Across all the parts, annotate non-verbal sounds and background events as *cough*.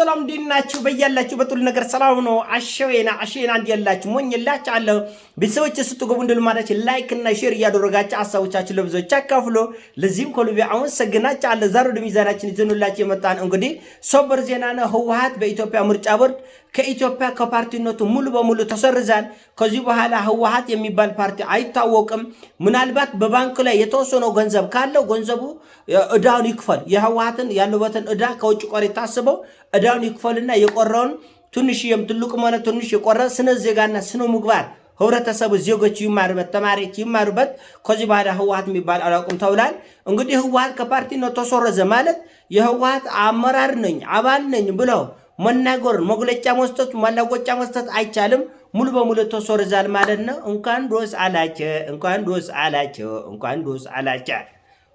ሰላም እንዴት ናችሁ? በያላችሁ በጥሉ ነገር ሰላም ነው። አሸዌና አሸዌና እንዲ ያላችሁ ሞኝላችሁ አለ ቤተሰቦች ስትገቡ እንደልማዳችሁ ላይክ እና ሼር እያደረጋችሁ ሀሳቦቻችሁ ለብዙዎች አካፍሎ ለዚህም ከልቤ አመሰግናችሁ አለ። ዛሬ ወደ ሚዛናችን ይዘንላችሁ የመጣን እንግዲህ ሰበር ዜና ነው። ህወሓት በኢትዮጵያ ምርጫ ቦርድ ከኢትዮጵያ ከፓርቲነቱ ሙሉ በሙሉ ተሰርዛል። ከዚህ በኋላ ህወሓት የሚባል ፓርቲ አይታወቅም። ምናልባት በባንክ ላይ የተወሰነው ገንዘብ ካለው ገንዘቡ እዳውን ይክፈል። የህወሓትን ያለበትን እዳ ከውጭ ቆር የታስበው እዳውን ይክፈልና የቆረውን ትንሽ የም ትልቅ ሆነ ትንሽ የቆረ ስነ ዜጋና ስነ ምግባር ህብረተሰቡ ዜጎች ይማሩበት፣ ተማሪዎች ይማሩበት። ከዚህ በኋላ ህወሓት የሚባል አላውቅም ተብሏል። እንግዲህ ህወሓት ከፓርቲነት ተሰረዘ ማለት የህወሓት አመራር ነኝ አባል ነኝ ብለው መናገር መግለጫ መስጠት ማላወጫ መስጠት አይቻልም። ሙሉ በሙሉ ተሰርዟል ማለት ነው። እንኳን ዶስ አላቸ እንኳን ዶስ አላቸ እንኳን ዶስ አላቸ።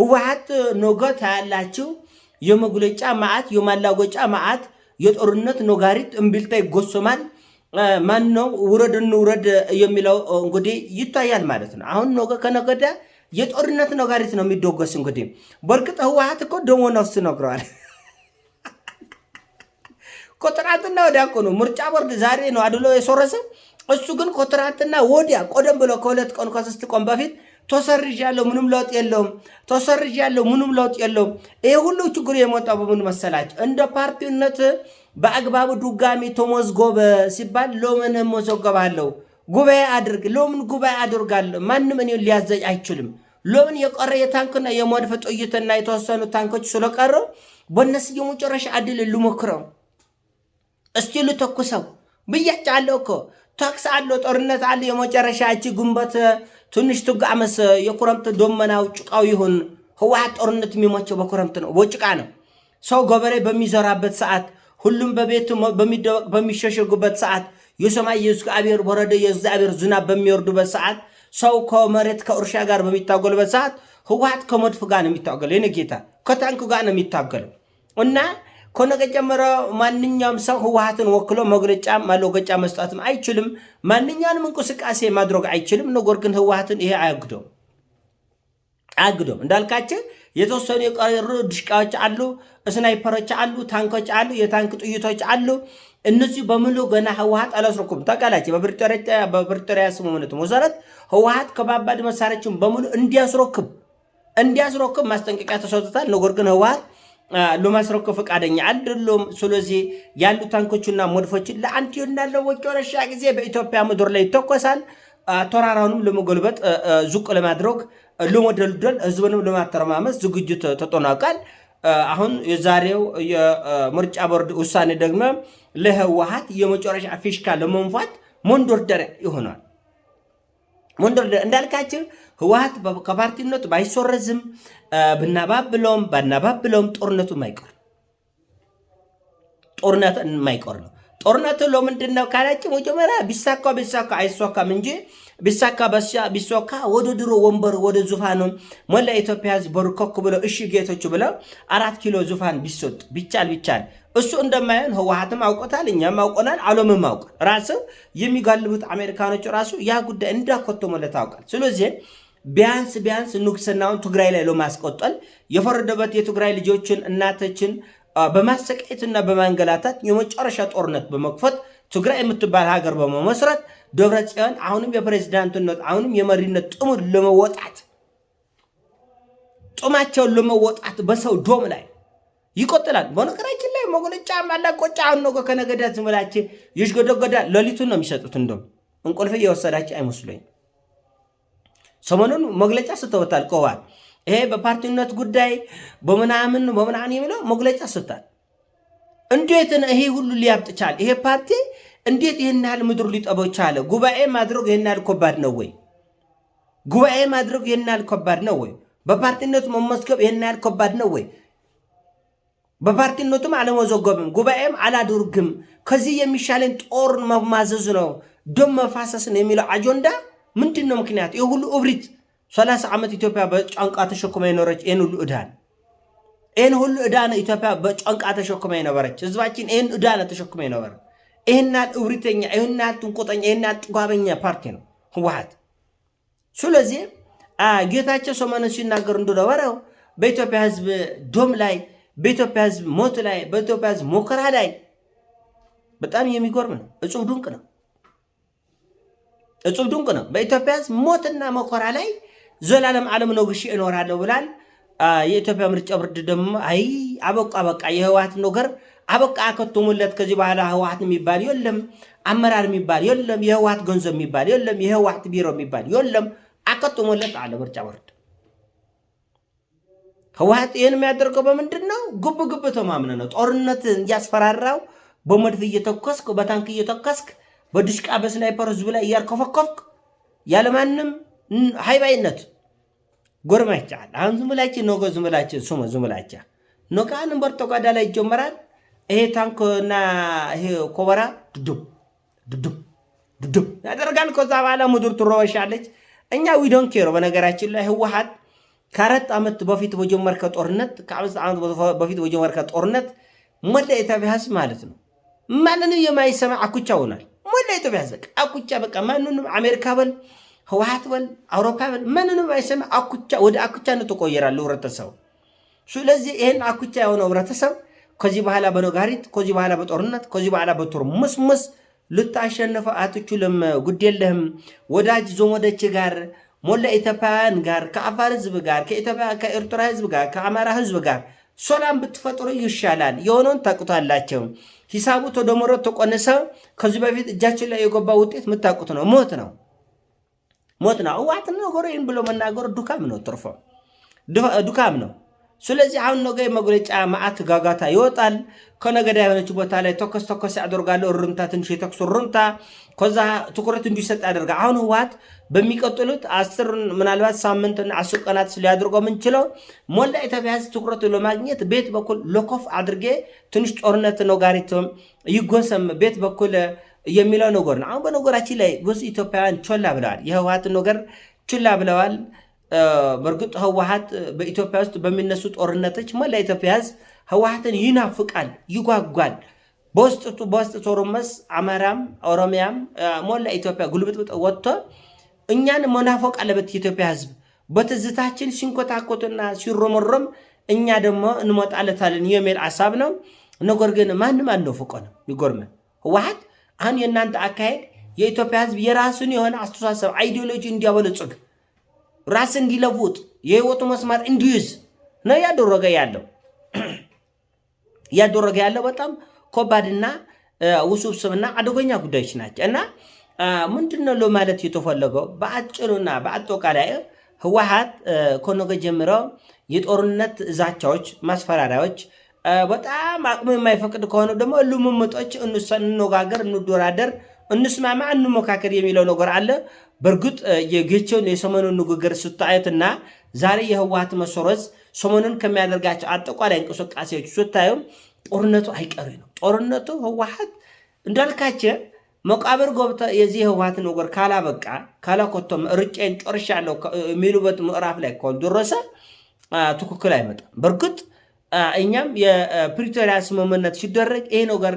ህወሓት ነገ ታያላችሁ። የመግለጫ ማዕት፣ የማላወጫ ማዕት፣ የጦርነት ኖጋሪት እምቢልታ ይጎሰማል። ማን ነው ውረድ እንውረድ የሚለው እንግዲህ ይታያል ማለት ነው። አሁን ነገ ከነገዳ የጦርነት ነጋሪት ነው የሚደጎስ። እንግዲህ በእርግጥ ህወሓት እኮ ደሞ ደሞነፍስ ነግረዋል። ከትናንትና ወዲያ እኮ ነው ምርጫ ቦርድ ዛሬ ነው አድሎ የሶረሰ። እሱ ግን ከትናንትና ወዲያ ቆደም ብሎ ከሁለት ቀን ከሶስት ቀን በፊት ተሰርዥ ተሰርዣለሁ፣ ምንም ለውጥ የለውም፣ ተሰርዥ ተሰርዣለሁ፣ ምንም ለውጥ የለውም። ይሄ ሁሉ ችግሩ የመጣው በምን መሰላች? እንደ ፓርቲነት በአግባቡ ድጋሚ ተመዝጎበ ሲባል ሎምን መዘገባለሁ? ጉባኤ አድርግ። ሎምን ጉባኤ አድርጋለሁ? ማንም እኔ ሊያዘኝ አይችልም። ሎምን የቀረ የታንክና የመድፍ ጥይትና የተወሰኑ ታንኮች ስለቀረ በእነሱ የመጨረሻ አድል ልሞክረው እስቲ ልተኩሰው ብያቻለሁ እኮ ተኩስ አለ፣ ጦርነት አለ። የመጨረሻ እቺ ግንቦት ትንሽ ትጋመስ። የክረምት ደመናው ጭቃው ይሁን። ህወሓት ጦርነት የሚሞቸው በክረምት ነው፣ በጭቃ ነው። ሰው ገበሬ በሚዘራበት ሰዓት፣ ሁሉም በቤት በሚደበቅ በሚሸሸጉበት ሰዓት፣ የሰማይ የእግዚአብሔር ወረደ የእግዚአብሔር ዝናብ በሚወርዱበት ሰዓት፣ ሰው ከመሬት ከእርሻ ጋር በሚታገሉበት ሰዓት፣ ህወሓት ከመድፍ ጋር ነው የሚታገለው። የኔ ጌታ ከታንክ ጋር ነው የሚታገለው እና ከነገ ጀምሮ ማንኛውም ሰው ህወሓትን ወክሎ መግለጫ ማለወገጫ መስጠትም አይችልም። ማንኛውንም እንቅስቃሴ ማድረግ አይችልም። ነገር ግን ህወሓትን ይሄ አያግዶም አያግዶም። እንዳልካቸው የተወሰኑ የቀሩ ድሽቃዎች አሉ፣ ስናይፐሮች አሉ፣ ታንኮች አሉ፣ የታንክ ጥይቶች አሉ። እነዚህ በሙሉ ገና ህወሓት አላስረኩም። ታውቃላችሁ በፕሪቶሪያ ስምምነት መሰረት ህወሓት ከባባድ መሳሪያዎችን በሙሉ እንዲያስረክብ እንዲያስረክብ ማስጠንቀቂያ ተሰጥቷል። ነገር ግን ህወሓት ለማስረከብ ፈቃደኛ አይደሉም። ስለዚህ ያሉ ታንኮቹና መድፎችን ለአንቲዮ እንዳለው ወቂው ረሻ ጊዜ በኢትዮጵያ ምድር ላይ ይተኮሳል። ተራራውንም ለመጎልበጥ ዙቅ ለማድረግ ለመደልደል ህዝብንም ለማተረማመስ ዝግጅት ተጠናቋል። አሁን የዛሬው የምርጫ ቦርድ ውሳኔ ደግሞ ለህወሓት የመጨረሻ ፊሽካ ለመንፋት መንደርደሪያ ይሆናል። ወንድር እንዳልካቸው ህወሓት ከፓርቲነቱ ባይሰረዝም ብናባብለውም ባናባብለውም ጦርነቱ ማይቀር ጦርነት ማይቀር ነው። ጦርነቱ ለምንድን ነው ካላችሁ መጀመሪያ ቢሳካ ቢሳካ አይሳካም እንጂ ቢሳካ ቢሶካ ወደ ድሮ ወንበር ወደ ዙፋኑ ሞላ ኢትዮጵያ ህዝብ በርከክ ብለው እሺ ጌቶች ብለው አራት ኪሎ ዙፋን ቢሰጥ ቢቻል ቢቻል እሱ እንደማይሆን ህወሓትም አውቆታል፣ እኛም አውቆናል፣ ዓለምም አውቋል። ራሱ የሚጋልቡት አሜሪካኖች ራሱ ያ ጉዳይ እንዳኮቶ እንዳኮተመለ ታውቃል። ስለዚህ ቢያንስ ቢያንስ ንጉስናውን ትግራይ ላይ ለማስቆጠል የፈረደበት የትግራይ ልጆችን እናቶችን በማሰቃየትና በማንገላታት የመጨረሻ ጦርነት በመክፈት ትግራይ የምትባል ሀገር በመመስረት ደብረ ጽዮን አሁንም የፕሬዚዳንትነት አሁንም የመሪነት ጥሙን ለመወጣት ጥማቸውን ለመወጣት በሰው ዶም ላይ ይቆጥላል። በነገራችን ላይ መጎለጫ ማላ ቆጫ አሁን ነገ ከነገዳ ዝመላቼ ይሽገደገዳ ሌሊቱን ነው የሚሰጡት። እንደም እንቁልፍ እየወሰዳቸው አይመስሉኝ። ሰሞኑን መግለጫ ስተወታል ከዋል ይሄ በፓርቲነት ጉዳይ በምናምን በምናምን የሚለው መግለጫ ሰጥቷል። እንዴት ይሄ ሁሉ ሊያብጥ ቻለ? ይሄ ፓርቲ እንዴት ይህን ያህል ምድሩ ሊጠበው ቻለ? ጉባኤ ማድረግ ይህን ያህል ከባድ ነው ወይ? ጉባኤ ማድረግ ይህን ያህል ከባድ ነው ወይ? በፓርቲነቱ መመዝገብ ይህን ያህል ከባድ ነው ወይ? በፓርቲነቱም አለመዘገብም ጉባኤም አላደርግም ከዚህ የሚሻለን ጦር መማዘዝ ነው ደም መፋሰስ ነው የሚለው አጀንዳ ምንድን ነው ምክንያት ይህ ሁሉ እብሪት ሰላሳ ዓመት ኢትዮጵያ በጫንቃ ተሸክማ የኖረች ይህን ሁሉ እዳን ይህን ሁሉ ዕዳነ ኢትዮጵያ በጫንቃ ተሸክማ የነበረች ህዝባችን ይህን ዕዳነ ተሸክማ የነበረ ይህና እብሪተኛ፣ ይህና ጥንቆጠኛ፣ ይህና ጥጓበኛ ፓርቲ ነው ህወሓት። ስለዚህ ጌታቸው ሰሞኑን ሲናገር እንደነበረው በኢትዮጵያ ህዝብ ዶም ላይ በኢትዮጵያ ህዝብ ሞት ላይ በኢትዮጵያ ህዝብ ሞከራ ላይ በጣም የሚጎርም ነው። እጹብ ድንቅ ነው። እጹብ ድንቅ ነው። በኢትዮጵያ ህዝብ ሞትና መኮራ ላይ ዘላለም ዓለም ነው እኖራለሁ ብላል። የኢትዮጵያ ምርጫ ቦርድ ደግሞ አይ አበቃ በቃ የህወሓት ነገር አበቃ አከተሙለት። ከዚህ በኋላ ህወሓት የሚባል የለም፣ አመራር የሚባል የለም፣ የህወሓት ገንዘብ የሚባል የለም፣ የህወሓት ቢሮ የሚባል የለም፣ አከተሙለት አለ ምርጫ ቦርድ። ህወሓት ይህን የሚያደርገው በምንድን ነው? ግብ ግብ ተማምነ ነው። ጦርነት እያስፈራራው በመድፍ እየተኮስክ በታንክ እየተኮስክ በድሽቃ በስናይፐር ህዝብ ላይ እያርከፈከፍክ ያለማንም ሃይባይነት ጎርማይቻል አሁን ዝምላቸ ኖጎ ዝምላቸ ሱመ ዝምላቻ ኖካ ንበር ተጓዳ ላይ ይጀመራል። ይሄ ታንክና ይሄ ኮበራ ድድም ድዱብ ድዱብ ያደርጋል። ከዛ በኋላ ምድር ትሮበሻለች። እኛ ዊዶን ኬሮ በነገራችን ላይ ህወሓት ከአራት ዓመት በፊት በጀመርከ ጦርነት ከአምስት ዓመት በፊት በጀመርከ ጦርነት መለ ኢትዮጵያ ህዝብ ማለት ነው ማንንም የማይሰማ አኩቻ ሆናል። ሞላ ኢትዮጵያ ህዝብ አኩቻ በቃ ማንንም አሜሪካ በል ህወሓት በል አውሮፓ በል ማንንም አይሰማ አኩቻ ወደ አኩቻነቱ ቆየራለሁ ህብረተሰቡ። ስለዚህ ይህን አኩቻ የሆነ ህብረተሰብ ከዚህ በኋላ በነጋሪት ከዚህ በኋላ በጦርነት ከዚህ በኋላ በትርምስምስ ልታሸንፈ አትችልም። ጉድ ወዳጅ ዘመዶች ጋር ሞላ ኢትዮጵያውያን ጋር ከአፋር ህዝብ ጋር ከኤርትራ ህዝብ ጋር ከአማራ ህዝብ ጋር ሰላም ብትፈጥሩ ይሻላል። የሆነውን ታቁታላቸው። ሂሳቡ ተደምሮ ተቆንሰ ከዚህ በፊት እጃችን ላይ የገባ ውጤት የምታቁት ነው፣ ሞት ነው። ሞት ነው። እዋት ነገሩ ይህን ብሎ መናገሩ ዱካም ነው፣ ትርፎ ዱካም ነው። ስለዚህ አሁን ነገ መግለጫ መዓት ጋጋታ ይወጣል። ከነገዳ የሆነች ቦታ ላይ ተኮስ ተኮስ ያደርጋለሁ። እርምታ ትንሽ የተኩስ ርምታ ከዛ ትኩረት እንዲሰጥ ያደርጋ። አሁን ህወሓት በሚቀጥሉት አስር ምናልባት ሳምንት አስር ቀናት ሊያደርገው ምንችለው ሞላ ኢትዮጵያ ህዝብ ትኩረት ለማግኘት ቤት በኩል ሎኮፍ አድርጌ ትንሽ ጦርነት ነጋሪትም ይጎሰም ቤት በኩል የሚለው ነገር ነው። አሁን በነገራችን ላይ ብዙ ኢትዮጵያውያን ቾላ ብለዋል፣ የህወሀትን ነገር ቾላ ብለዋል። በእርግጥ ህወሀት በኢትዮጵያ ውስጥ በሚነሱ ጦርነቶች መላ ኢትዮጵያ ህዝብ ህወሀትን ይናፍቃል፣ ይጓጓል። በውስጥ ቶርመስ አማራም፣ ኦሮሚያም ሞላ ኢትዮጵያ ጉልብጥብጥ ወጥቶ እኛን መናፈቅ አለበት የኢትዮጵያ ህዝብ በትዝታችን ሲንኮታኮትና ሲሮመሮም እኛ ደግሞ እንመጣለታለን የሚል ሀሳብ ነው። ነገር ግን ማንም ነው ይጎርመን ህወሀት አሁን የእናንተ አካሄድ የኢትዮጵያ ህዝብ የራሱን የሆነ አስተሳሰብ አይዲዮሎጂ እንዲያበለጽግ ራስ እንዲለውጥ የህይወቱ መስማት እንዲይዝ ነው እያደረገ ያለው *clears throat* እያደረገ ያለው በጣም ከባድና ውስብስብና አደገኛ ጉዳዮች ናቸው እና ምንድን ነው ለማለት የተፈለገው በአጭሩና በአጠቃላይ ህወሓት ከነገ ጀምረው የጦርነት ዛቻዎች፣ ማስፈራሪያዎች በጣም አቅሙ የማይፈቅድ ከሆነ ደግሞ ልሙምጦች እንነጋገር፣ እንደራደር፣ እንስማማ፣ እንሞካከር የሚለው ነገር አለ። በእርግጥ የጌቸውን የሰሞኑን ንግግር ስታዩትና ዛሬ የህወሀት መሰረዝ ሰሞኑን ከሚያደርጋቸው አጠቃላይ እንቅስቃሴዎች ስታዩ ጦርነቱ አይቀሪ ነው። ጦርነቱ ህወሀት እንዳልካቸ መቃብር ገብተ የዚህ ህወሀት ነገር ካላበቃ ካላኮቶም ርጬን ጨርሻለሁ የሚሉበት ምዕራፍ ላይ ከሆን ካልደረሰ ትክክል አይመጣም በእርግጥ እኛም የፕሪቶሪያ ስምምነት ሲደረግ ይሄ ነገር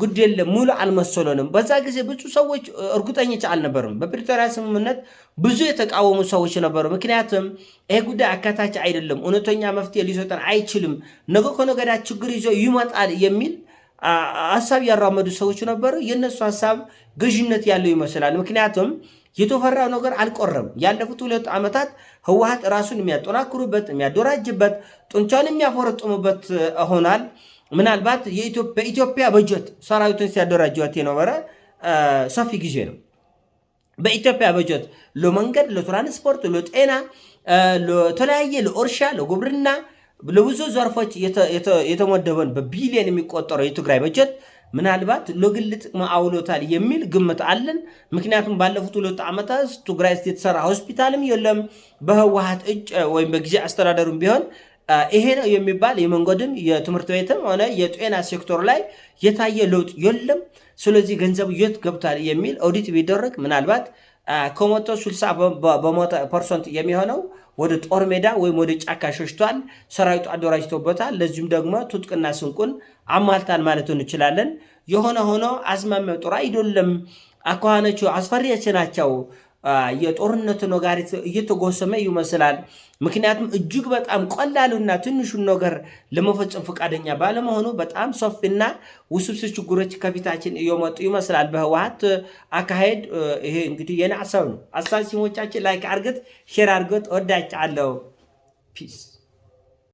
ጉድ የለም ሙሉ አልመሰሎንም። በዛ ጊዜ ብዙ ሰዎች እርግጠኞች አልነበሩም። በፕሪቶሪያ ስምምነት ብዙ የተቃወሙ ሰዎች ነበሩ። ምክንያቱም ይሄ ጉዳይ አካታች አይደለም፣ እውነተኛ መፍትሄ ሊሰጠን አይችልም፣ ነገ ከነገዳ ችግር ይዞ ይመጣል የሚል ሀሳብ ያራመዱ ሰዎች ነበሩ። የእነሱ ሀሳብ ገዥነት ያለው ይመስላል። ምክንያቱም የተፈራው ነገር አልቆረም። ያለፉት ሁለት ዓመታት ህወሓት ራሱን የሚያጠናክሩበት የሚያደራጅበት፣ ጡንቻን የሚያፈረጥሙበት ሆናል። ምናልባት በኢትዮጵያ በጀት ሰራዊቱን ሲያደራጅበት የነበረ ሰፊ ጊዜ ነው። በኢትዮጵያ በጀት ለመንገድ፣ ለትራንስፖርት፣ ለጤና፣ ለተለያየ ለእርሻ፣ ለግብርና፣ ለብዙ ዘርፎች የተመደበን በቢሊዮን የሚቆጠረው የትግራይ በጀት ምናልባት ለግል ጥቅም አውሎታል የሚል ግምት አለን። ምክንያቱም ባለፉት ሁለት ዓመታት ትግራይ ውስጥ የተሰራ ሆስፒታልም የለም። በህወሀት እጭ ወይም በጊዜ አስተዳደሩም ቢሆን ይሄ ነው የሚባል የመንገድም የትምህርት ቤትም ሆነ የጤና ሴክተር ላይ የታየ ለውጥ የለም። ስለዚህ ገንዘብ የት ገብቷል የሚል ኦዲት ቢደረግ ምናልባት ከመቶ 60 በመቶ ፐርሰንት የሚሆነው ወደ ጦር ሜዳ ወይም ወደ ጫካ ሸሽቷል። ሰራዊቱ አደራጅቶበታል። ለዚሁም ደግሞ ትጥቅና ስንቁን አሟልታል ማለት እንችላለን። የሆነ ሆኖ አዝማሚያው ጥሩ አይደለም። አኳኋኖቹ አስፈሪዎች ናቸው። የጦርነቱ ነጋሪት እየተጎሰመ ይመስላል። ምክንያቱም እጅግ በጣም ቀላሉና ትንሹን ነገር ለመፈጸም ፈቃደኛ ባለመሆኑ በጣም ሰፊና ውስብስብ ችግሮች ከፊታችን እየመጡ ይመስላል። በህወሓት አካሄድ ይሄ እንግዲህ የኔ ነው። አሳሲሞቻችን ላይክ አርገት ሼር አርገት ወዳች አለው ፒስ